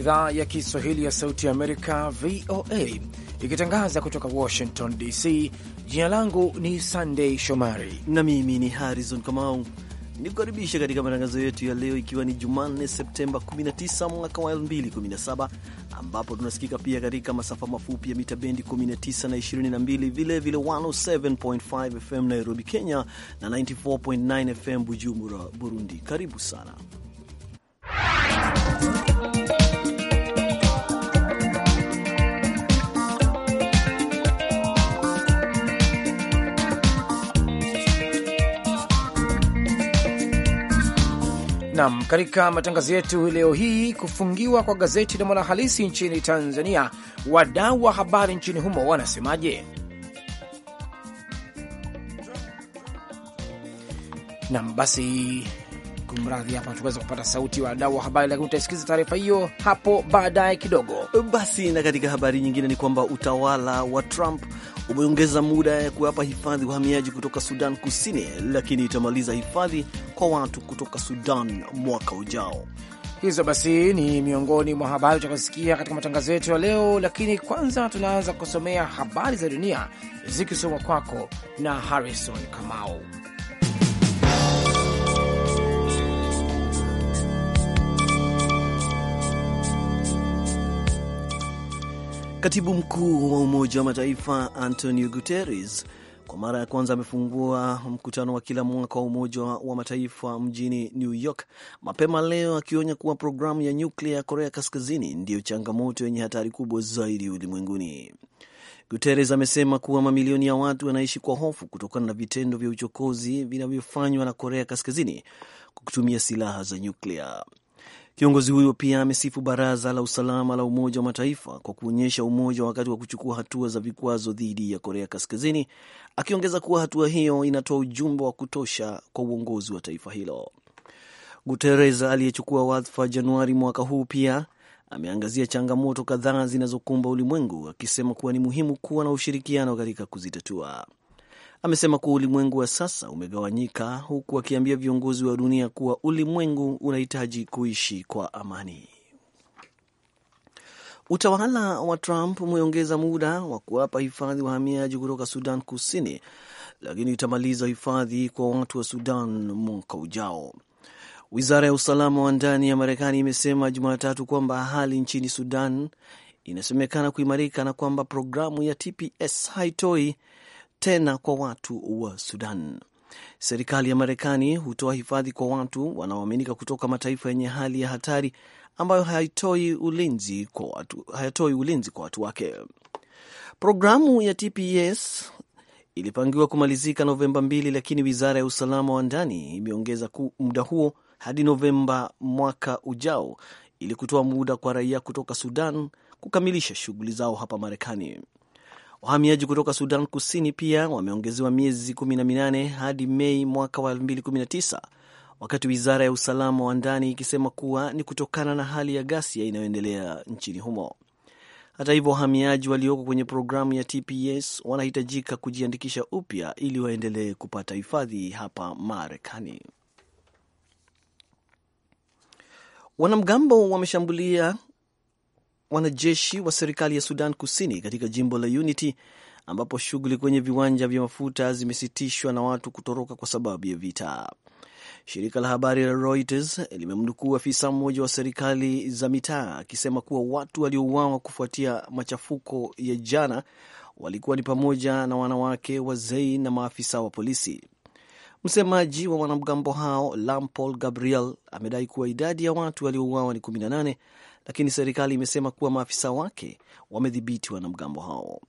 idhaa ya Kiswahili ya Sauti ya Amerika, VOA, ikitangaza kutoka Washington DC. Jina langu ni Sandei Shomari na mimi ni Harrison Kamau ni kukaribisha katika matangazo yetu ya leo, ikiwa ni Jumanne Septemba 19 mwaka wa 2017, ambapo tunasikika pia katika masafa mafupi ya mita bendi 19 na 22, vilevile 107.5 FM Nairobi, Kenya na 94.9 FM Bujumbura, Burundi. Karibu sana Nam, katika matangazo yetu leo hii, kufungiwa kwa gazeti la Mwanahalisi nchini Tanzania, wadau wa habari nchini humo wanasemaje? Nam, basi Kumradhi, hapa tuweza kupata sauti wadau wa habari, lakini utaisikiza taarifa hiyo hapo baadaye kidogo. Basi na katika habari nyingine ni kwamba utawala wa Trump umeongeza muda ya kuwapa hifadhi wahamiaji kutoka Sudan Kusini, lakini itamaliza hifadhi kwa watu kutoka Sudan mwaka ujao. Hizo basi ni miongoni mwa habari utakazosikia katika matangazo yetu ya leo, lakini kwanza tunaanza kusomea habari za dunia zikisomwa kwako na Harrison Kamau. Katibu mkuu wa Umoja wa Mataifa Antonio Guterres kwa mara ya kwanza amefungua mkutano wa kila mwaka wa Umoja wa Mataifa mjini New York mapema leo, akionya kuwa programu ya nyuklia ya Korea Kaskazini ndiyo changamoto yenye hatari kubwa zaidi ulimwenguni. Guterres amesema kuwa mamilioni ya watu wanaishi kwa hofu kutokana na vitendo vya uchokozi vinavyofanywa na Korea Kaskazini kwa kutumia silaha za nyuklia. Kiongozi huyo pia amesifu Baraza la Usalama la Umoja wa Mataifa kwa kuonyesha umoja wakati wa kuchukua hatua za vikwazo dhidi ya Korea Kaskazini, akiongeza kuwa hatua hiyo inatoa ujumbe wa kutosha kwa uongozi wa taifa hilo. Guterres aliyechukua wadhifa Januari mwaka huu pia ameangazia changamoto kadhaa zinazokumba ulimwengu akisema kuwa ni muhimu kuwa na ushirikiano katika kuzitatua amesema kuwa ulimwengu wa sasa umegawanyika, huku akiambia viongozi wa dunia kuwa ulimwengu unahitaji kuishi kwa amani. Utawala wa Trump umeongeza muda wa kuwapa hifadhi wahamiaji kutoka Sudan Kusini, lakini utamaliza hifadhi kwa watu wa Sudan mwaka ujao. Wizara ya usalama wa ndani ya Marekani imesema Jumatatu kwamba hali nchini Sudan inasemekana kuimarika na kwamba programu ya TPS haitoi tena kwa watu wa Sudan. Serikali ya Marekani hutoa hifadhi kwa watu wanaoaminika kutoka mataifa yenye hali ya hatari ambayo hayatoi ulinzi kwa watu, hayatoi ulinzi kwa watu wake. Programu ya TPS ilipangiwa kumalizika Novemba 2 lakini wizara ya usalama wa ndani imeongeza muda huo hadi Novemba mwaka ujao ili kutoa muda kwa raia kutoka Sudan kukamilisha shughuli zao hapa Marekani. Wahamiaji kutoka Sudan Kusini pia wameongezewa miezi 18 hadi Mei mwaka wa 2019 wakati wizara ya usalama wa ndani ikisema kuwa ni kutokana na hali ya ghasia inayoendelea nchini humo. Hata hivyo, wahamiaji walioko kwenye programu ya TPS wanahitajika kujiandikisha upya ili waendelee kupata hifadhi hapa Marekani. Wanamgambo wameshambulia wanajeshi wa serikali ya Sudan Kusini katika jimbo la Unity ambapo shughuli kwenye viwanja vya mafuta zimesitishwa na watu kutoroka kwa sababu ya vita. Shirika la habari la Reuters limemnukuu afisa mmoja wa serikali za mitaa akisema kuwa watu waliouawa kufuatia machafuko ya jana walikuwa ni pamoja na wanawake, wazee na maafisa wa polisi. Msemaji wa wanamgambo hao Lampol Gabriel amedai kuwa idadi ya watu waliouawa ni 18 lakini serikali imesema kuwa maafisa wake wamedhibiti wanamgambo hao.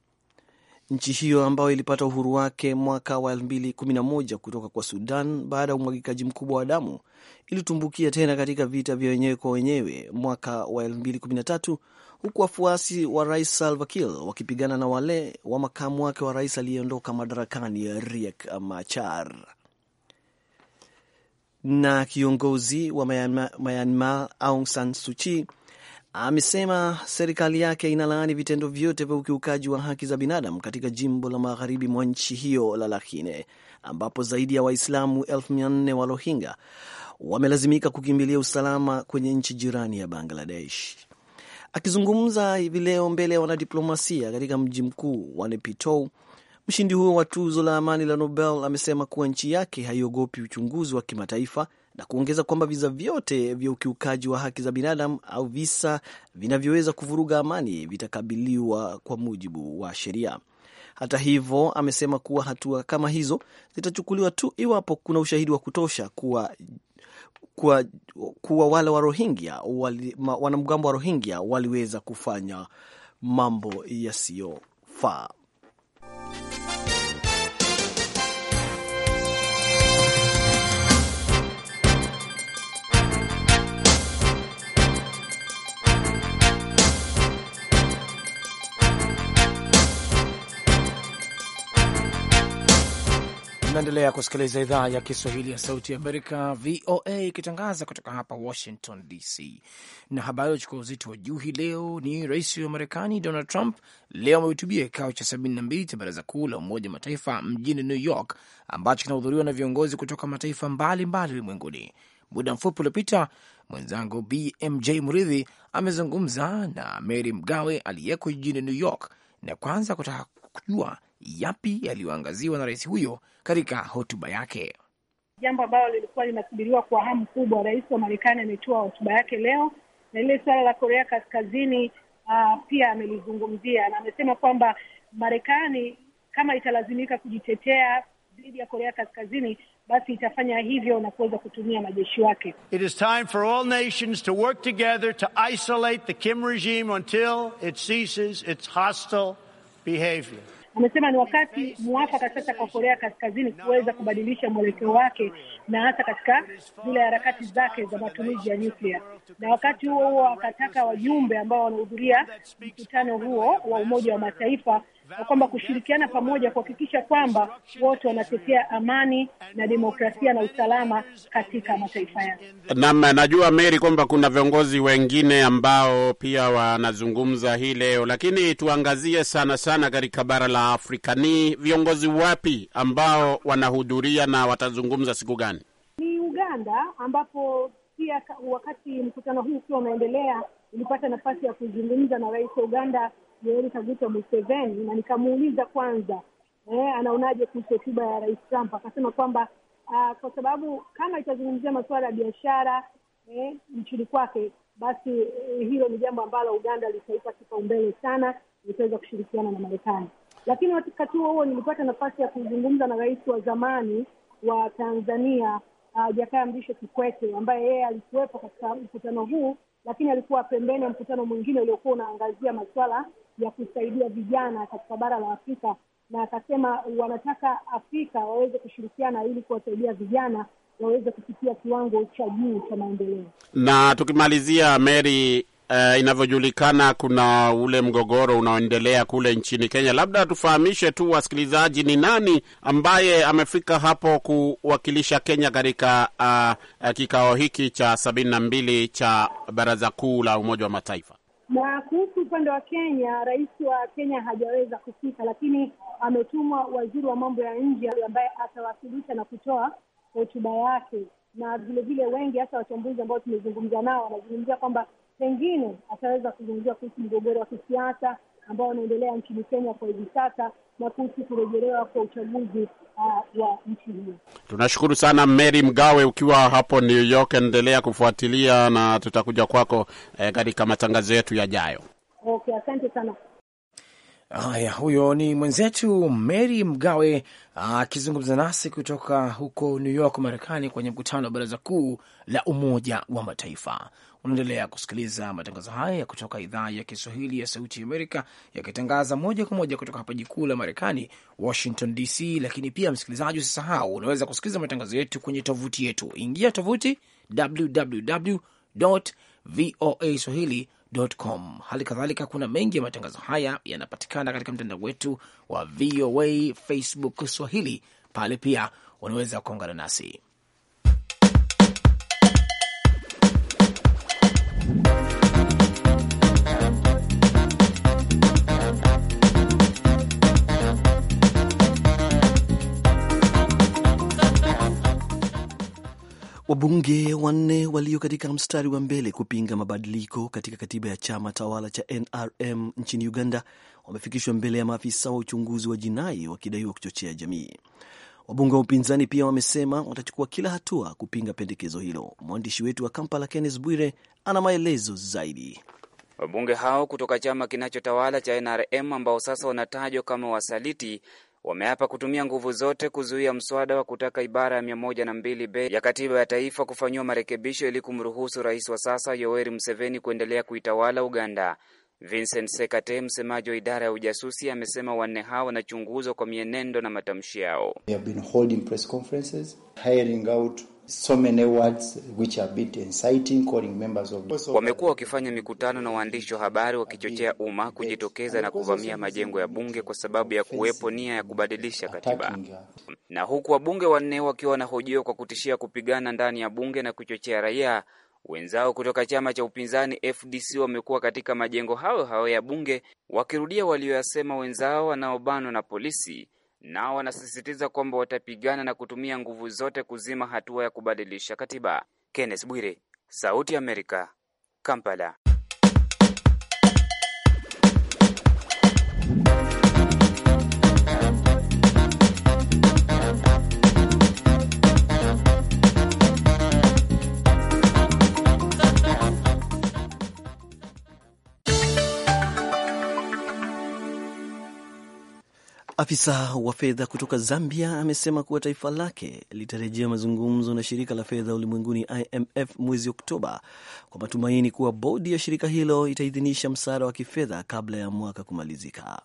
Nchi hiyo ambayo ilipata uhuru wake mwaka wa 2011 kutoka kwa Sudan baada ya umwagikaji mkubwa wa damu ilitumbukia tena katika vita vya wenyewe kwa wenyewe mwaka wa 2013 huku wafuasi wa rais Salva Kiir wakipigana na wale wa makamu wake wa rais aliyeondoka madarakani Riek Machar. Na kiongozi wa Myanmar Aung San Suu Kyi amesema serikali yake inalaani vitendo vyote vya ukiukaji wa haki za binadamu katika jimbo la magharibi mwa nchi hiyo la Rakhine ambapo zaidi ya Waislamu 4 wa Rohingya wamelazimika kukimbilia usalama kwenye nchi jirani ya Bangladesh. Akizungumza hivi leo mbele ya wanadiplomasia katika mji mkuu wa nepitou mshindi huo wa tuzo la amani la Nobel amesema kuwa nchi yake haiogopi uchunguzi wa kimataifa na kuongeza kwamba visa vyote vya ukiukaji wa haki za binadamu au visa vinavyoweza kuvuruga amani vitakabiliwa kwa mujibu wa sheria. Hata hivyo, amesema kuwa hatua kama hizo zitachukuliwa tu iwapo kuna ushahidi wa kutosha kuwa kuwa, kuwa wale wa Rohingya wanamgambo wa Rohingya waliweza kufanya mambo yasiyofaa. Unaendelea kusikiliza idhaa ya Kiswahili ya Sauti ya Amerika, VOA, ikitangaza kutoka hapa Washington DC. Na habari iliyochukua uzito wa juu hii leo ni rais wa Marekani Donald Trump leo amehutubia kikao cha 72 cha Baraza Kuu la Umoja wa Mataifa mjini New York ambacho kinahudhuriwa na viongozi kutoka mataifa mbalimbali ulimwenguni. Muda mfupi uliopita mwenzangu BMJ Muridhi amezungumza na Mary Mgawe aliyeko jijini New York na kwanza kutaka kujua yapi yaliyoangaziwa na rais huyo katika hotuba yake. Jambo ambalo lilikuwa linasubiriwa kwa hamu kubwa, rais wa Marekani ametoa hotuba yake leo, na lile suala la Korea Kaskazini uh, pia amelizungumzia na amesema kwamba Marekani kama italazimika kujitetea dhidi ya Korea Kaskazini basi itafanya hivyo na kuweza kutumia majeshi wake. It is time for all nations to work together to isolate the Kim regime until it ceases its hostile behavior. Amesema ni wakati mwafaka sasa kwa Korea Kaskazini kuweza kubadilisha mwelekeo wake na hasa katika zile harakati zake za matumizi ya nyuklia. Na wakati huo huo, wakataka wajumbe ambao wanahudhuria mkutano huo wa Umoja wa Mataifa na kwamba kushirikiana pamoja kuhakikisha kwamba wote wanatetea amani na demokrasia na usalama katika mataifa yao. Naam, najua Mary kwamba kuna viongozi wengine ambao pia wanazungumza hii leo, lakini tuangazie sana sana katika bara la Afrika. Ni viongozi wapi ambao wanahudhuria na watazungumza siku gani? Ni Uganda ambapo pia wakati mkutano huu ukiwa unaendelea, ulipata nafasi ya kuzungumza na rais wa Uganda Yoweri Kaguta Museveni, na nikamuuliza kwanza eh, anaonaje kuhusu hotuba ya Rais Trump. Akasema kwamba uh, kwa sababu kama itazungumzia masuala ya biashara eh, nchini kwake, basi eh, hilo ni jambo ambalo Uganda litaipa kipaumbele sana, litaweza kushirikiana na Marekani. Lakini wakati huo huo nilipata nafasi ya kuzungumza na rais wa zamani wa Tanzania uh, Jakaya Mrisho Kikwete ambaye yeye alikuwepo katika mkutano huu lakini alikuwa pembeni ya mkutano mwingine uliokuwa unaangazia masuala ya kusaidia vijana katika bara la Afrika, na akasema wanataka Afrika waweze kushirikiana ili kuwasaidia vijana waweze kufikia kiwango cha juu cha maendeleo. Na tukimalizia, Mary, uh, inavyojulikana kuna ule mgogoro unaoendelea kule nchini Kenya. Labda tufahamishe tu wasikilizaji, ni nani ambaye amefika hapo kuwakilisha Kenya katika uh, uh, kikao hiki cha sabini na mbili cha Baraza Kuu la Umoja wa Mataifa? Na kuhusu upande wa Kenya, rais wa Kenya hajaweza kufika, lakini ametumwa waziri wa mambo ya nje ambaye atawasilisha na kutoa hotuba yake, na vilevile wengi hasa wachambuzi ambao tumezungumza nao wanazungumzia kwamba pengine ataweza kuzungumzia kuhusu mgogoro wa kisiasa ambao unaendelea nchini Kenya kwa hivi sasa na kuhusu kurejelewa kwa uchaguzi ah, wa nchi hiyo. Tunashukuru sana Mary Mgawe ukiwa hapo New York, endelea kufuatilia na tutakuja kwako eh, katika eh, matangazo yetu yajayo. Okay, asante sana. Haya, huyo ni mwenzetu Mary Mgawe ah, akizungumza nasi kutoka huko New York, Marekani, kwenye mkutano wa Baraza Kuu la Umoja wa Mataifa. Unaendelea kusikiliza matangazo haya kutoka idhaa ya Kiswahili ya Sauti ya Amerika, yakitangaza moja kwa moja kutoka hapa jikuu la Marekani, Washington DC. Lakini pia msikilizaji, usisahau unaweza kusikiliza matangazo yetu kwenye tovuti yetu. Ingia tovuti www voa swahili com. Hali kadhalika kuna mengi ya matangazo haya yanapatikana katika mtandao wetu wa VOA Facebook Swahili, pale pia unaweza kuungana nasi. Wabunge wanne walio katika mstari wa mbele kupinga mabadiliko katika katiba ya chama tawala cha NRM nchini Uganda wamefikishwa mbele ya maafisa wa uchunguzi wa jinai wakidaiwa kuchochea jamii. Wabunge wa upinzani pia wamesema watachukua kila hatua kupinga pendekezo hilo. Mwandishi wetu wa Kampala, Kenneth Bwire, ana maelezo zaidi. Wabunge hao kutoka chama kinachotawala cha NRM ambao sasa wanatajwa kama wasaliti wameapa kutumia nguvu zote kuzuia mswada wa kutaka ibara ya mia na mbili b ya katiba ya taifa kufanyiwa marekebisho ili kumruhusu rais wa sasa Yoweri Museveni kuendelea kuitawala Uganda. Vincent Sekate, msemaji wa idara ya ujasusi, amesema wanne hao wanachunguzwa kwa mienendo na matamshi yao. They have been holding press conferences, hiring out So many words which have been inciting, calling members of... Wamekuwa wakifanya mikutano na waandishi wa habari wakichochea umma kujitokeza na kuvamia majengo ya bunge kwa sababu ya kuwepo nia ya kubadilisha katiba, na huku wabunge wanne wakiwa wanahojiwa kwa kutishia kupigana ndani ya bunge na kuchochea raia wenzao kutoka chama cha upinzani FDC wamekuwa katika majengo hayo hayo ya bunge wakirudia walioyasema wenzao wanaobanwa na polisi Nao wanasisitiza kwamba watapigana na kutumia nguvu zote kuzima hatua ya kubadilisha katiba. Kenneth Bwire, Sauti ya Amerika, Kampala. Afisa wa fedha kutoka Zambia amesema kuwa taifa lake litarejea mazungumzo na shirika la fedha ulimwenguni IMF mwezi Oktoba kwa matumaini kuwa bodi ya shirika hilo itaidhinisha msaada wa kifedha kabla ya mwaka kumalizika.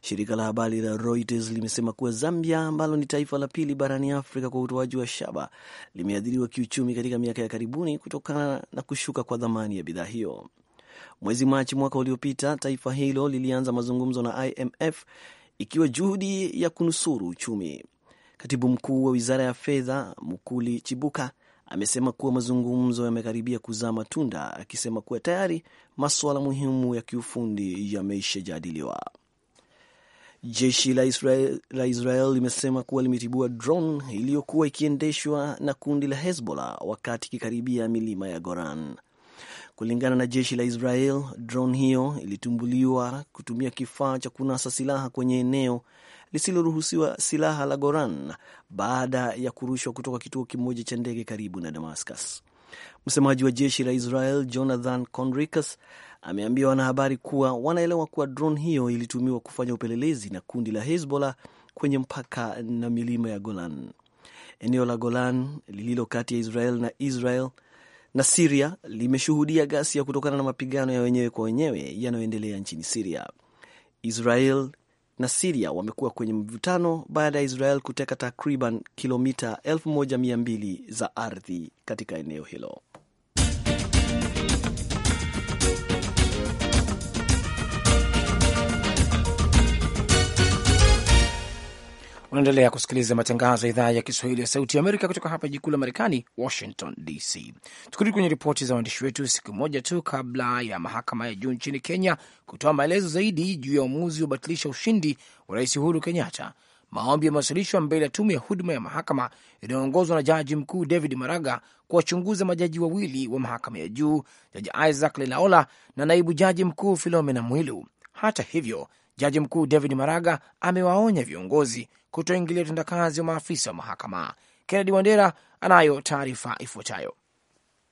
Shirika la habari la Reuters limesema kuwa Zambia ambalo ni taifa la pili barani Afrika kwa utoaji wa shaba limeathiriwa kiuchumi katika miaka ya karibuni kutokana na kushuka kwa thamani ya bidhaa hiyo. Mwezi Machi mwaka uliopita, taifa hilo lilianza mazungumzo na IMF ikiwa juhudi ya kunusuru uchumi. Katibu mkuu wa wizara ya fedha Mukuli Chibuka amesema kuwa mazungumzo yamekaribia kuzaa matunda, akisema kuwa tayari masuala muhimu ya kiufundi yameishajadiliwa Jeshi la Israel, la Israel limesema kuwa limetibua drone iliyokuwa ikiendeshwa na kundi la Hezbollah wakati ikikaribia milima ya Golan. Kulingana na jeshi la Israel, drone hiyo ilitumbuliwa kutumia kifaa cha kunasa silaha kwenye eneo lisiloruhusiwa silaha la Golan baada ya kurushwa kutoka kituo kimoja cha ndege karibu na Damascus. Msemaji wa jeshi la Israel Jonathan Conricus ameambia wanahabari kuwa wanaelewa kuwa drone hiyo ilitumiwa kufanya upelelezi na kundi la Hezbollah kwenye mpaka na milima ya Golan. Eneo la Golan lililo kati ya Israel na Israel na Siria limeshuhudia ghasia kutokana na mapigano ya wenyewe kwa wenyewe yanayoendelea nchini Siria. Israel na Siria wamekuwa kwenye mvutano baada ya Israel kuteka takriban kilomita 1200 za ardhi katika eneo hilo. Unaendelea kusikiliza matangazo ya idhaa ya Kiswahili ya Sauti ya Amerika kutoka hapa jikuu la Marekani, Washington DC. Tukirudi kwenye ripoti za waandishi wetu, siku moja tu kabla ya mahakama ya juu nchini Kenya kutoa maelezo zaidi juu ya uamuzi wa ushindi wa Rais Uhuru Kenyatta, maombi yamewasilishwa mbele ya tume ya huduma ya mahakama inayoongozwa na Jaji Mkuu David Maraga kuwachunguza majaji wawili wa mahakama ya juu, Jaji Isaac Lenaola na naibu jaji mkuu Filomena Mwilu. Hata hivyo, Jaji Mkuu David Maraga amewaonya viongozi kutoingilia utendakazi wa maafisa wa mahakama. Kennedy Wandera anayo taarifa ifuatayo.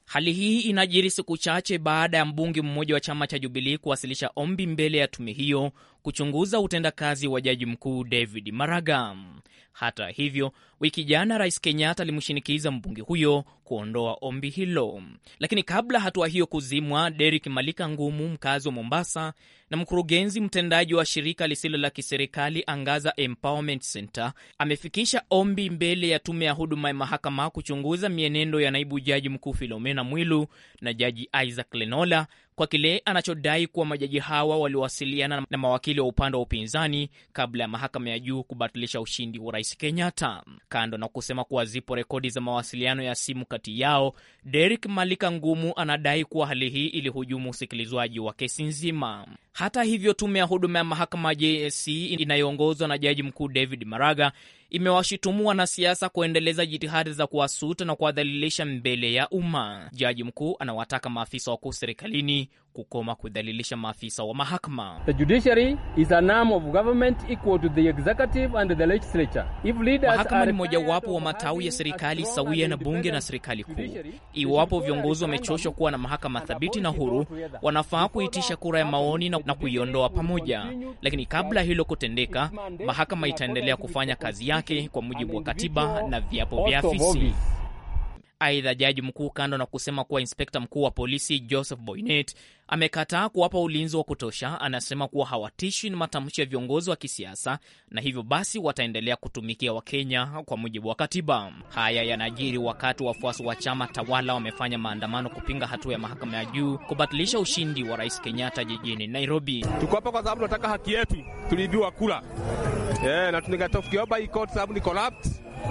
Hali hii inajiri siku chache baada ya mbunge mmoja wa chama cha Jubilii kuwasilisha ombi mbele ya tume hiyo kuchunguza utendakazi wa jaji mkuu David Maraga. Hata hivyo, wiki jana Rais Kenyatta alimshinikiza mbunge huyo kuondoa ombi hilo, lakini kabla hatua hiyo kuzimwa, Derik Malika Ngumu, mkazi wa Mombasa na mkurugenzi mtendaji wa shirika lisilo la kiserikali Angaza Empowerment Center, amefikisha ombi mbele ya tume ya huduma ya mahakama kuchunguza mienendo ya naibu jaji mkuu Filomena Mwilu na jaji Isaac Lenola kwa kile anachodai kuwa majaji hawa waliwasiliana na mawakili wa upande wa upinzani kabla ya mahakama ya juu kubatilisha ushindi wa rais Kenyatta. Kando na kusema kuwa zipo rekodi za mawasiliano ya simu kati yao, Derek Malika Ngumu anadai kuwa hali hii ilihujumu usikilizwaji wa kesi nzima. Hata hivyo, tume ya huduma ya mahakama JSC inayoongozwa na jaji mkuu David Maraga imewashutumua wanasiasa kuendeleza jitihada za kuwasuta na kuwadhalilisha mbele ya umma. Jaji mkuu anawataka maafisa wakuu serikalini kukoma kudhalilisha maafisa wa mahakama. Mahakama ni mojawapo wa matawi ya serikali sawia na bunge na serikali kuu. Iwapo viongozi wamechoshwa kuwa na mahakama thabiti na huru, wanafaa kuitisha kura ya maoni na kuiondoa pamoja, lakini kabla hilo kutendeka, mahakama itaendelea kufanya kazi ya yake kwa mujibu wa katiba na viapo vya afisi. Aidha, jaji mkuu kando na kusema kuwa inspekta mkuu wa polisi Joseph Boynet amekataa kuwapa ulinzi wa kutosha, anasema kuwa hawatishwi na matamshi ya viongozi wa kisiasa na hivyo basi wataendelea kutumikia Wakenya kwa mujibu wa katiba. Haya yanajiri wakati wafuasi wa chama tawala wamefanya maandamano kupinga hatua ya mahakama ya juu kubatilisha ushindi wa rais Kenyatta jijini Nairobi. Tuko hapa kwa sababu tunataka haki yetu, tuliibiwa kura yeah, na tunataka hii court sababu ni corrupt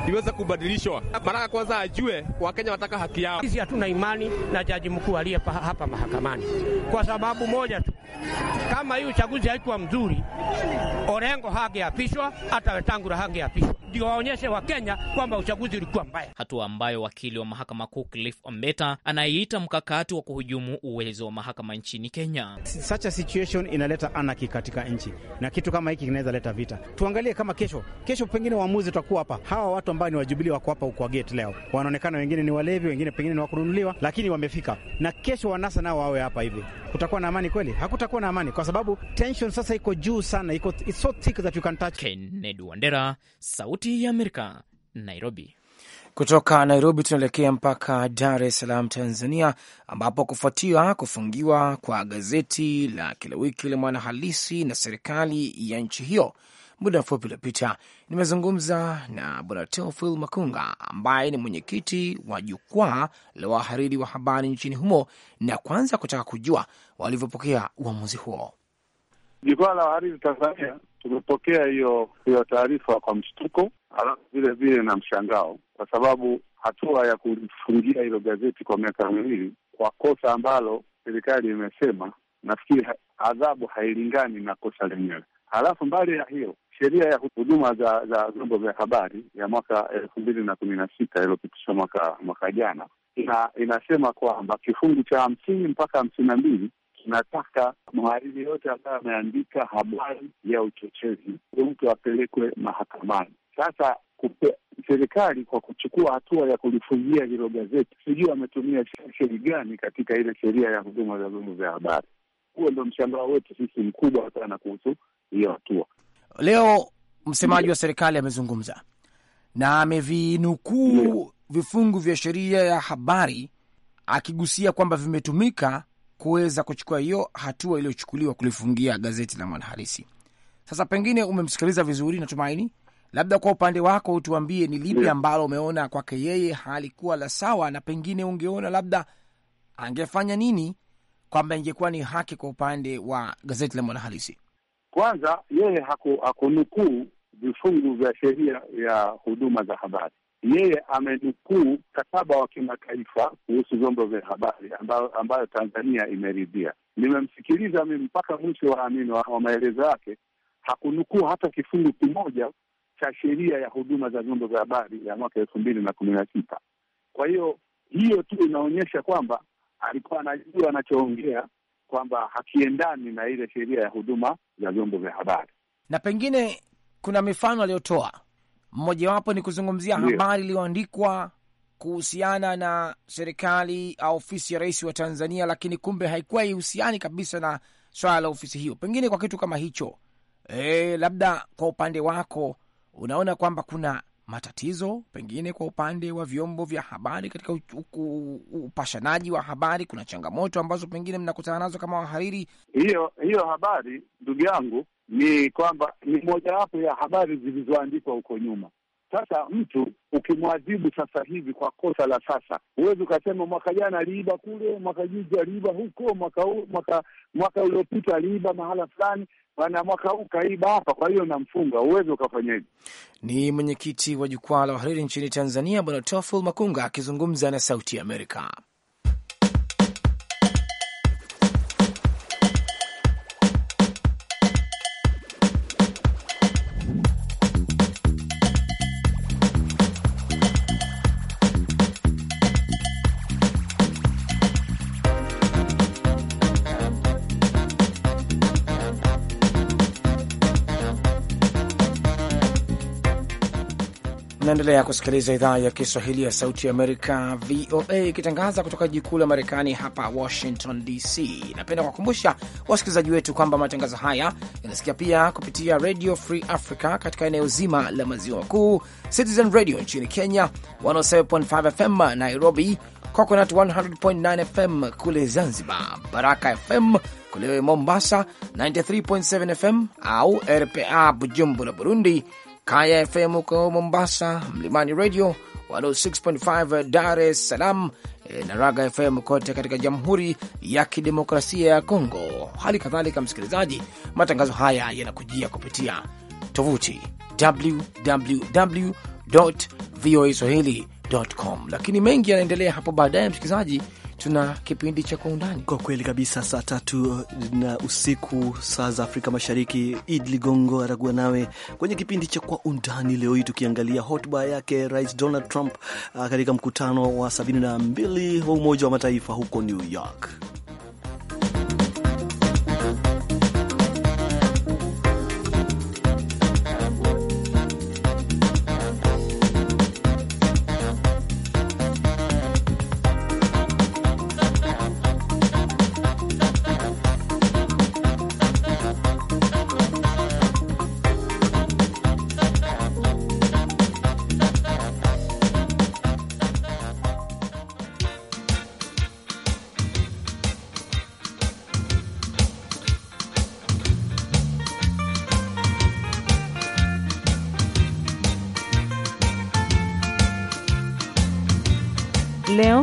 iweze kubadilishwa, mara ya kwanza ajue Wakenya wataka haki yao. Sisi hatuna imani na jaji mkuu aliye hapa mahakamani kwa sababu moja tu, kama hii uchaguzi haikuwa mzuri, Orengo hangeapishwa, hata Wetangula hangeapishwa, ndio waonyeshe Wakenya kwamba uchaguzi ulikuwa mbaya, hatua ambayo wakili wa mahakama kuu Cliff Ombeta anaiita mkakati wa kuhujumu uwezo wa mahakama nchini Kenya. Such a situation inaleta anarchy katika nchi, na kitu kama hiki kinaweza leta vita. Tuangalie kama kesho, kesho pengine waamuzi tutakuwa hapa hawa watu ambao ni wajubili wako hapa kwa gate leo, wanaonekana wengine ni walevi, wengine pengine ni wakununuliwa, lakini wamefika, na kesho wanasa nao wawe hapa hivi. Kutakuwa na amani kweli? Hakutakuwa na amani kwa sababu tension sasa iko juu sana, iko it's so thick that you can touch. Kennedy Wandera, Sauti ya Amerika, Nairobi. Kutoka Nairobi tunaelekea mpaka Dar es Salaam, Tanzania, ambapo kufuatia kufungiwa kwa gazeti la kila wiki la Mwanahalisi na serikali ya nchi hiyo Muda mfupi uliopita nimezungumza na Bwana Teofil Makunga ambaye ni mwenyekiti wa jukwaa la wahariri wa habari nchini humo, na kwanza kutaka kujua walivyopokea uamuzi huo. Jukwaa la wahariri Tanzania tumepokea hiyo hiyo taarifa kwa mshtuko, alafu vile vile na mshangao, kwa sababu hatua ya kulifungia hilo gazeti kwa miaka miwili kwa kosa ambalo serikali imesema, nafikiri adhabu hailingani na kosa lenyewe. Halafu mbali ya hiyo, sheria ya huduma za za vyombo vya habari ya mwaka elfu mbili na kumi na sita iliyopitishwa mwaka mwaka jana ina, inasema kwamba kifungu cha hamsini mpaka hamsini na mbili kinataka mhariri yote ambaye ameandika habari ya uchochezi huyo mtu apelekwe mahakamani. Sasa serikali kwa kuchukua hatua ya kulifungia hilo gazeti, sijui ametumia sheri gani katika ile sheria ya huduma za vyombo vya habari. Huo ndo mshangao wetu sisi mkubwa sana kuhusu hiyo hatua. Leo msemaji wa serikali amezungumza na amevinukuu vifungu vya sheria ya habari akigusia kwamba vimetumika kuweza kuchukua hiyo hatua iliyochukuliwa kulifungia gazeti la Mwanahalisi. Sasa pengine umemsikiliza vizuri, natumaini. Labda kwa upande wako utuambie ni lipi ambalo umeona kwake yeye halikuwa la sawa, na pengine ungeona labda angefanya nini, kwamba ingekuwa ni haki kwa upande wa gazeti la Mwanahalisi. Kwanza yeye hakunukuu vifungu vya sheria ya huduma za habari, yeye amenukuu mkataba wa kimataifa kuhusu vyombo vya habari ambayo, ambayo Tanzania imeridhia. Nimemsikiliza mimi mpaka mwisho wa amin wa, wa maelezo yake, hakunukuu hata kifungu kimoja cha sheria ya huduma za vyombo vya habari ya mwaka elfu mbili na kumi na sita. Kwa hiyo hiyo tu inaonyesha kwamba alikuwa anajua anachoongea kwamba hakiendani na ile sheria ya huduma za vyombo vya habari, na pengine kuna mifano aliyotoa mmojawapo ni kuzungumzia habari iliyoandikwa kuhusiana na serikali au ofisi ya rais wa Tanzania, lakini kumbe haikuwa ihusiani kabisa na swala la ofisi hiyo. Pengine kwa kitu kama hicho, e, labda kwa upande wako unaona kwamba kuna matatizo pengine kwa upande wa vyombo vya habari katika upashanaji wa habari? Kuna changamoto ambazo pengine mnakutana nazo kama wahariri? Hiyo hiyo habari, ndugu yangu, ni kwamba ni mojawapo ya habari zilizoandikwa huko nyuma. Sasa mtu ukimwadhibu sasa hivi kwa kosa la sasa, huwezi ukasema mwaka jana aliiba kule, mwaka juzi aliiba huko, mwaka mwaka mwaka uliopita aliiba mahala fulani wana mwaka huu kaiba hapa, kwa hiyo namfunga, uwezi ukafanyaje? Ni mwenyekiti wa jukwaa la wahariri nchini Tanzania, Bwana Tofel Makunga akizungumza na Sauti ya Amerika. Unaendelea kusikiliza idhaa ya Kiswahili ya Sauti ya Amerika, VOA, ikitangaza kutoka jiji kuu la Marekani, hapa Washington DC. Napenda kuwakumbusha wasikilizaji wetu kwamba matangazo haya yanasikia pia kupitia Radio Free Africa katika eneo zima la maziwa makuu, Citizen Radio nchini Kenya 107.5 FM Nairobi, Coconut 100.9 FM kule Zanzibar, Baraka FM kule Mombasa 93.7 FM au RPA Bujumbura, Burundi, Kaya FM huko Mombasa, Mlimani Radio 106.5 Dar es Salaam eh, na Raga FM kote katika Jamhuri ya Kidemokrasia ya Kongo. Hali kadhalika, msikilizaji, matangazo haya yanakujia kupitia tovuti www voa lakini mengi yanaendelea hapo baadaye, msikilizaji tuna kipindi cha Kwa Undani. Kwa kweli kabisa, saa tatu na usiku saa za Afrika Mashariki, Id Ligongo atakuwa nawe kwenye kipindi cha Kwa Undani leo hii tukiangalia hotuba yake Rais Donald Trump ah, katika mkutano wa 72 wa Umoja wa Mataifa huko New York.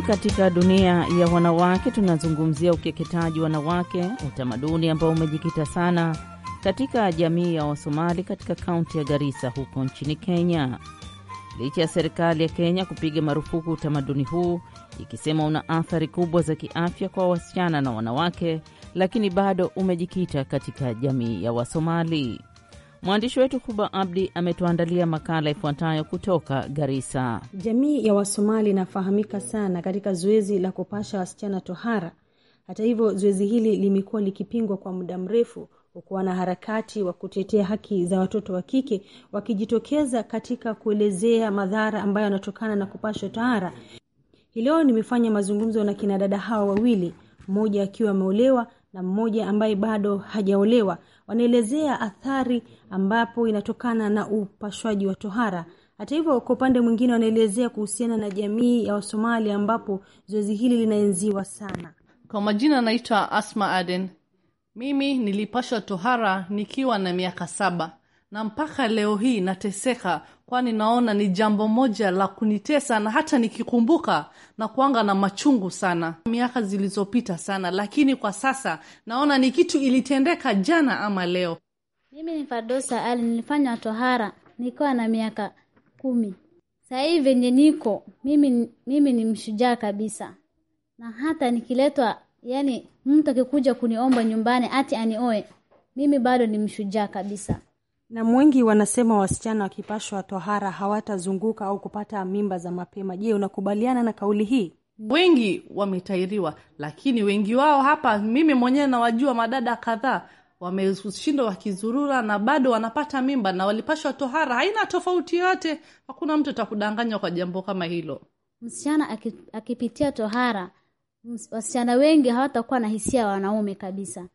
katika dunia ya wanawake tunazungumzia ukeketaji wanawake, utamaduni ambao umejikita sana katika jamii ya Wasomali katika kaunti ya Garissa huko nchini Kenya. Licha ya serikali ya Kenya kupiga marufuku utamaduni huu ikisema una athari kubwa za kiafya kwa wasichana na wanawake, lakini bado umejikita katika jamii ya Wasomali. Mwandishi wetu Kuba Abdi ametuandalia makala ifuatayo kutoka Garisa. Jamii ya Wasomali inafahamika sana katika zoezi la kupasha wasichana tohara. Hata hivyo, zoezi hili limekuwa likipingwa kwa muda mrefu, huku wanaharakati wa kutetea haki za watoto wa kike wakijitokeza katika kuelezea madhara ambayo yanatokana na kupashwa tohara. Hii leo nimefanya mazungumzo na kinadada hawa wawili, mmoja akiwa ameolewa na mmoja ambaye bado hajaolewa wanaelezea athari ambapo inatokana na upashwaji wa tohara. Hata hivyo, kwa upande mwingine wanaelezea kuhusiana na jamii ya Wasomali ambapo zoezi hili linaenziwa sana. Kwa majina anaitwa Asma Aden. Mimi nilipashwa tohara nikiwa na miaka saba na mpaka leo hii nateseka kwani naona ni jambo moja la kunitesa, na hata nikikumbuka na kuanga na machungu sana miaka zilizopita sana, lakini kwa sasa naona ni kitu ilitendeka jana ama leo. Mimi ni Fadosa Ali, nilifanya tohara nikiwa na miaka kumi. Sasa hivi venye niko mimi, mimi ni mshujaa kabisa, na hata nikiletwa, yani mtu akikuja kuniomba nyumbani ati anioe, mimi bado ni mshujaa kabisa na mwengi wanasema wasichana wakipashwa tohara hawatazunguka au kupata mimba za mapema. Je, unakubaliana na kauli hii? Wengi wametairiwa, lakini wengi wao hapa, mimi mwenyewe nawajua madada kadhaa wameshindwa wakizurura na bado wanapata mimba na walipashwa tohara. Haina tofauti yote, hakuna mtu atakudanganywa kwa jambo kama hilo. Msichana akipitia tohara, wasichana wengi hawatakuwa na hisia ya wanaume kabisa,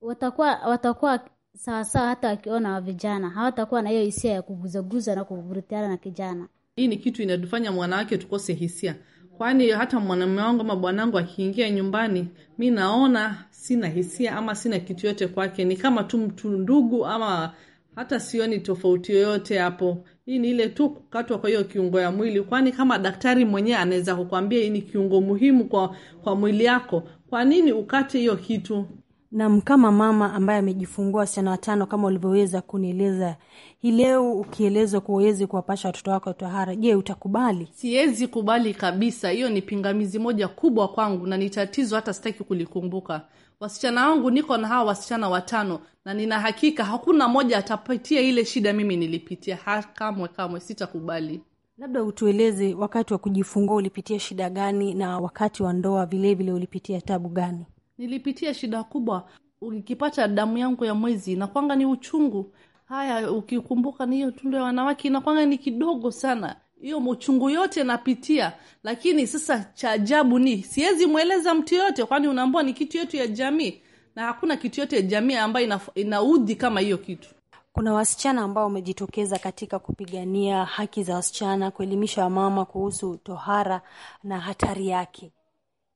watakuwa watakuwa sawasawa, hata wakiona vijana hawatakuwa na hiyo hisia ya kuguzaguza na kuvurutiana na kijana. Hii ni kitu inatufanya mwanawake tukose hisia, kwani hata mwanamume wangu ama bwanangu akiingia nyumbani, mi naona sina hisia ama sina kitu yote kwake, ni kama tu mtu ndugu, ama hata sioni tofauti yoyote hapo. Hii ni ile tu kukatwa kwa hiyo kiungo ya mwili, kwani kama daktari mwenyewe anaweza kukwambia hii ni kiungo muhimu kwa, kwa mwili yako. Kwa nini ukate hiyo kitu? Nam, kama mama ambaye amejifungua wasichana watano kama ulivyoweza kunieleza hii leo, ukielezwa kuwa uwezi kuwapasha watoto wako tohara, je, utakubali? Siwezi kubali kabisa. Hiyo ni pingamizi moja kubwa kwangu na ni tatizo, hata sitaki kulikumbuka. Wasichana wangu niko na hawa wasichana watano, na nina hakika hakuna mmoja atapitia ile shida mimi nilipitia. Kamwe kamwe sitakubali. Labda utueleze, wakati wa kujifungua ulipitia shida gani, na wakati wa ndoa vilevile ulipitia tabu gani? Nilipitia shida kubwa, ukipata damu yangu ya mwezi na kwanga ni uchungu. Haya, ukikumbuka ni hiyo tundu ya wanawake na kwanga ni kidogo sana hiyo uchungu yote napitia, lakini sasa cha ajabu ni siwezi mweleza mtu yote, kwani unaambua ni kitu yetu ya jamii, na hakuna kitu yote ya jamii ambayo ina, inaudhi kama hiyo kitu. Kuna wasichana ambao wamejitokeza katika kupigania haki za wasichana, kuelimisha wamama kuhusu tohara na hatari yake.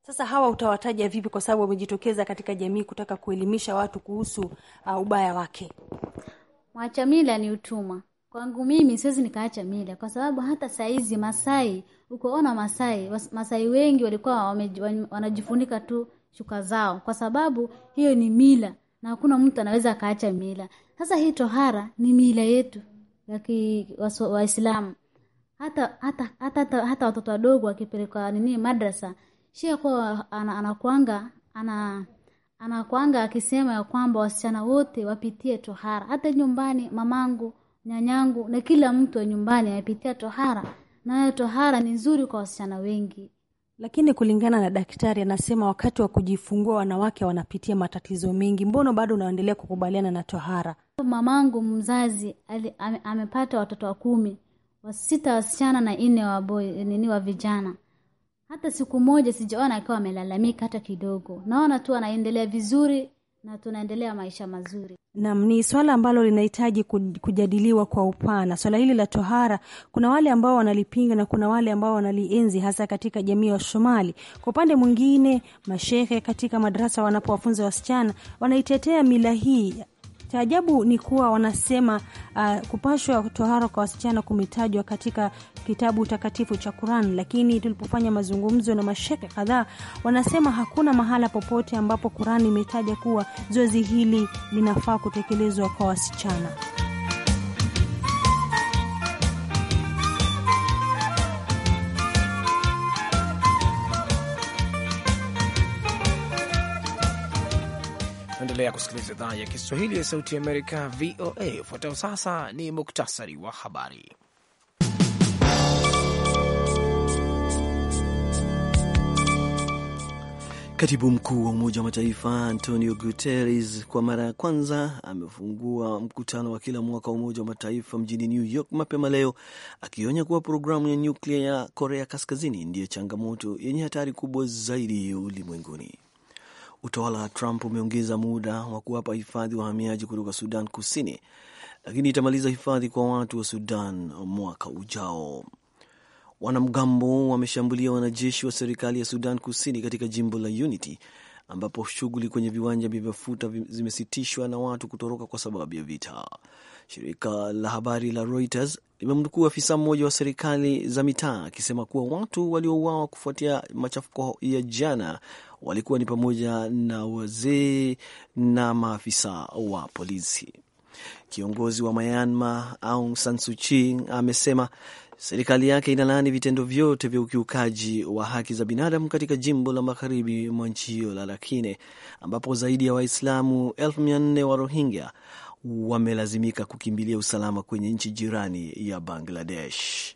Sasa hawa utawataja vipi, kwa sababu wamejitokeza katika jamii kutaka kuelimisha watu kuhusu uh, ubaya wake? Mwacha mila ni utumwa. Kwangu mimi siwezi nikaacha mila, kwa sababu hata saizi Masai, ukoona Masai, Masai wengi walikuwa wanajifunika tu shuka zao, kwa sababu hiyo ni mila na hakuna mtu anaweza akaacha mila. Sasa hii tohara ni mila yetu ya Waislamu. Hata hata hata hata watoto wadogo wakipelekwa nini madrasa Shia kuwa ana, anakuanga ana anakuanga akisema ya kwamba wasichana wote wapitie tohara, hata nyumbani mamangu, nyanyangu na kila mtu wa nyumbani amepitia tohara, nayo tohara ni nzuri kwa wasichana wengi. Lakini kulingana na daktari, anasema wakati wa kujifungua wanawake wanapitia matatizo mengi. Mbona bado unaendelea kukubaliana na tohara? Mamangu mzazi ali, ame, amepata watoto wa kumi, wasita wasichana na nne wa boy, nini wa vijana hata siku moja sijaona akawa amelalamika hata kidogo. Naona tu anaendelea vizuri na tunaendelea maisha mazuri. Naam, ni swala ambalo linahitaji kujadiliwa kwa upana. Swala hili la tohara, kuna wale ambao wanalipinga na kuna wale ambao wanalienzi, hasa katika jamii ya Somali. Kwa upande mwingine, mashehe katika madarasa wanapowafunza wasichana wanaitetea mila hii cha ajabu ni kuwa wanasema uh, kupashwa tohara kwa wasichana kumetajwa katika kitabu takatifu cha Quran, lakini tulipofanya mazungumzo na mashehe kadhaa, wanasema hakuna mahala popote ambapo Quran imetaja kuwa zoezi hili linafaa kutekelezwa kwa wasichana. Unaendelea kusikiliza idhaa ya Kiswahili ya Sauti ya Amerika, VOA. Ufuatao sasa ni muktasari wa habari. Katibu mkuu wa Umoja wa Mataifa Antonio Guterres kwa mara ya kwanza amefungua mkutano wa kila mwaka wa Umoja wa Mataifa mjini New York mapema leo, akionya kuwa programu ya nyuklia ya Korea Kaskazini ndiyo changamoto yenye hatari kubwa zaidi ulimwenguni. Utawala wa Trump umeongeza muda wa kuwapa hifadhi wahamiaji kutoka Sudan Kusini, lakini itamaliza hifadhi kwa watu wa Sudan mwaka ujao. Wanamgambo wameshambulia wanajeshi wa serikali ya Sudan Kusini katika jimbo la Unity ambapo shughuli kwenye viwanja vya mafuta zimesitishwa na watu kutoroka kwa sababu ya vita. Shirika la habari la Reuters limemnukuu afisa mmoja wa serikali za mitaa akisema kuwa watu waliouawa kufuatia machafuko ya jana walikuwa ni pamoja na wazee na maafisa wa polisi. Kiongozi wa Myanmar Aung San Suu Kyi amesema serikali yake inalaani vitendo vyote vya ukiukaji wa haki za binadamu katika jimbo la magharibi mwa nchi hiyo la Rakhine ambapo zaidi ya Waislamu elfu mia nne wa Rohingya wamelazimika kukimbilia usalama kwenye nchi jirani ya Bangladesh.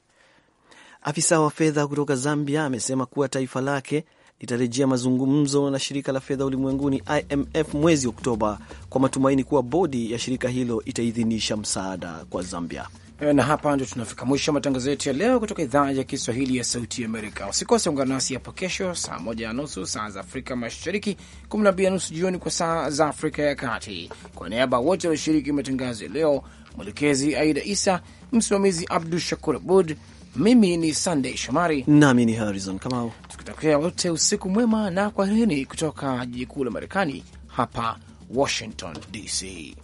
Afisa wa fedha kutoka Zambia amesema kuwa taifa lake litarejea mazungumzo na shirika la fedha ulimwenguni IMF mwezi Oktoba kwa matumaini kuwa bodi ya shirika hilo itaidhinisha msaada kwa Zambia. E, na hapa ndio tunafika mwisho wa matangazo yetu ya leo kutoka idhaa ya Kiswahili ya Sauti ya Amerika. Usikose ungana nasi hapo kesho saa moja na nusu saa za Afrika Mashariki, kumi na mbili na nusu jioni kwa saa za Afrika ya Kati. Kwa niaba wote walioshiriki matangazo ya leo, mwelekezi Aida Isa, msimamizi Abdu Shakur Abud, mimi ni Sunday Shomari nami ni Harrison Kamau, tukitakia wote usiku mwema na kwaherini kutoka jiji kuu la Marekani hapa Washington DC.